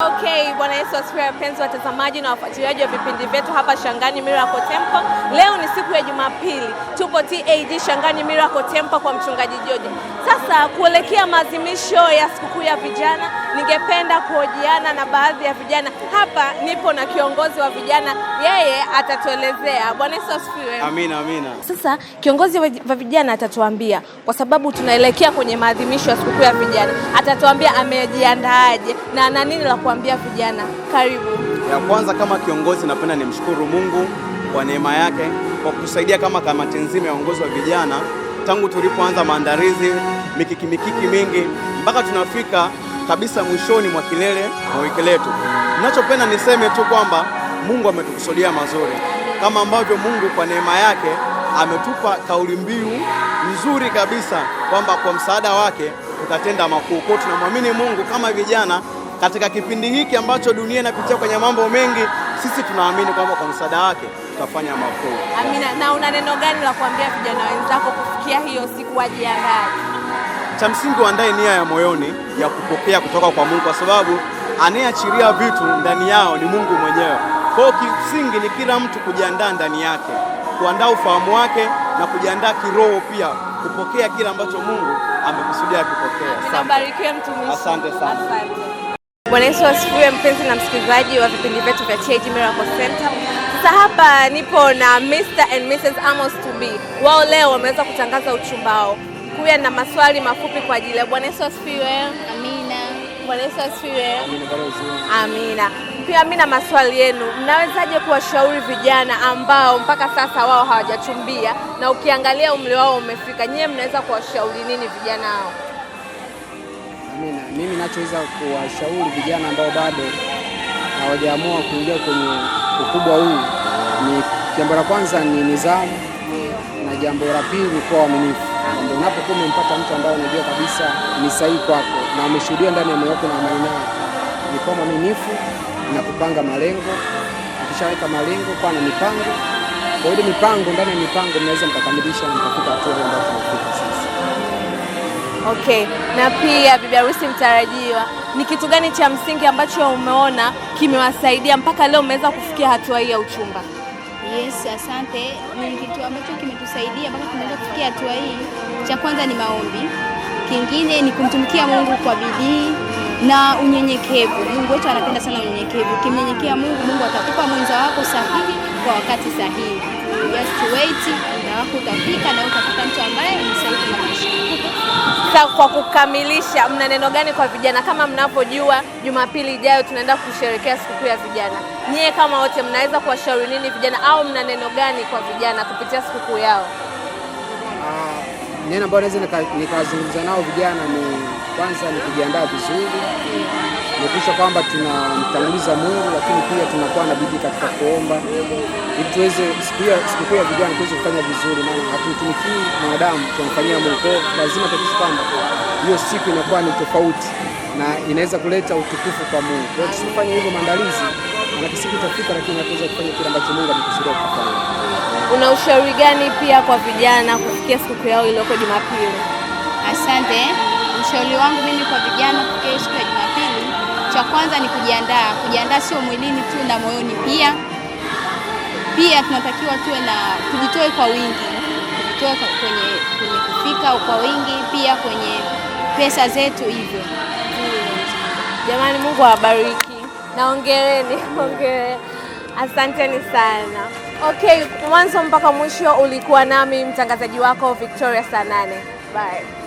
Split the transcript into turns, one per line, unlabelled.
Okay. Bwana Yesu asifiwe, wapenzi watazamaji na wafuatiliaji wa vipindi vyetu hapa Shangani Miracle Temple. Leo ni siku ya Jumapili, tupo TAG Shangani Miracle Temple kwa mchungaji joji Sasa kuelekea maadhimisho ya sikukuu ya vijana, ningependa kuhojiana na baadhi ya vijana hapa. Nipo na kiongozi wa vijana, yeye atatuelezea. Bwana Yesu asifiwe.
Amina, amina.
Sasa kiongozi wa vijana atatuambia, kwa sababu tunaelekea kwenye maadhimisho ya sikukuu ya vijana, atatuambia amejiandaaje na ana nini la kuambia vijana sana. Karibu.
Ya kwanza kama kiongozi, napenda nimshukuru Mungu kwa neema yake kwa kutusaidia kama kamati nzima ya uongozi wa vijana, tangu tulipoanza maandalizi mikiki mikiki mingi mpaka tunafika kabisa mwishoni mwa kilele mwa wiki letu. Ninachopenda niseme tu kwamba Mungu ametukusudia mazuri, kama ambavyo Mungu kwa neema yake ametupa kauli mbiu nzuri kabisa kwamba kwa msaada wake tutatenda makuu. Kwa tunamwamini Mungu kama vijana katika kipindi hiki ambacho dunia inapitia kwenye mambo mengi, sisi tunaamini kwamba kwa msaada wake tutafanya makuu.
Amina. Na una neno gani la kuambia vijana wenzako kufikia hiyo siku wajiandae?
Cha msingi waandae nia ya moyoni ya kupokea kutoka kwa Mungu, kwa sababu anayeachiria vitu ndani yao ni Mungu mwenyewe. Kwa hiyo kimsingi ni kila mtu kujiandaa ndani yake, kuandaa ufahamu wake na kujiandaa kiroho pia kupokea kile ambacho Mungu amekusudia kukupokea. Asante sana.
Bwana Yesu asifiwe, mpenzi na msikilizaji wa vipindi vyetu vya TAG Miracle Center. Sasa hapa nipo na Mr and Mrs Amos to be. Wao leo wameweza kutangaza uchumba wao. Kuya na maswali mafupi kwa ajili ya Bwana Yesu asifiwe. Amina. Bwana Yesu asifiwe. Amina. Pia mimi na maswali yenu, mnawezaje kuwashauri vijana ambao mpaka sasa wao hawajachumbia na ukiangalia umri wao umefika, nyewe mnaweza kuwashauri nini vijana hao?
Amina. Mimi nachoweza kuwashauri vijana ambao bado hawajaamua kuingia kwenye ukubwa huu ni jambo la kwanza ni nidhamu, na jambo la pili kuwa waaminifu. Ndio unapokuwa umempata mtu ambaye unajua kabisa ni sahihi kwako na umeshuhudia ndani ya moyo wako na amani nayo, ni kuwa mwaminifu na kupanga malengo. Ukishaweka malengo, kuwa na mipango. Kwa hiyo mipango, ndani ya mipango mnaweza mkakamilisha na mkafika hatua ambayo tunafika.
Okay, na pia bibi harusi mtarajiwa, ni kitu gani cha msingi ambacho umeona kimewasaidia mpaka leo mmeweza kufikia hatua hii ya uchumba?
Yes, asante. Ni kitu ambacho kimetusaidia mpaka tumeweza kufikia hatua hii, cha kwanza ni maombi, kingine ni kumtumikia Mungu kwa bidii na unyenyekevu. Mungu wetu anapenda sana unyenyekevu. Ukimnyenyekea Mungu, Mungu atakupa mwenza wako sahihi kwa wakati sahihi. Just wait, muda wako utafika na
sasa kwa kukamilisha, mna neno gani kwa vijana? Kama mnavyojua Jumapili ijayo tunaenda kusherehekea sikukuu ya vijana, nyie kama wote mnaweza kuwashauri nini vijana, au mna neno gani kwa vijana kupitia sikukuu yao?
Ah, neno ambalo naweza nikazungumza nao vijana ni kwanza ni kujiandaa vizuri kuhakikisha kwamba tunamtanguliza Mungu, lakini pia tunakuwa na bidii katika kuomba ili tuweze sikukuu ya vijana tuweze kufanya vizuri, maana hatumtumikii mwanadamu, tunamfanyia Mungu. lazima tuhakikishe kwamba hiyo siku inakuwa ni tofauti na inaweza kuleta utukufu kwa Mungu. Kwa hiyo tusifanye hivyo maandalizi, na kisiku itafika, lakini hatuweza kufanya kile ambacho Mungu alikusudia kufanya.
Una ushauri gani pia kwa vijana kufikia siku yao iliyoko Jumapili?
Asante. Ushauri wangu mimi kwa vijana kufikia siku ya Jumapili cha kwanza ni kujiandaa. Kujiandaa sio mwilini tu na moyoni pia. Pia tunatakiwa tuwe na tujitoe kwa wingi, tujitoe kwenye, kwenye kufika kwa wingi, pia kwenye pesa zetu hivyo.
Jamani, Mungu awabariki na ongee Asanteni sana. Okay, mwanzo mpaka mwisho ulikuwa nami mtangazaji wako Victoria Sanane. Bye.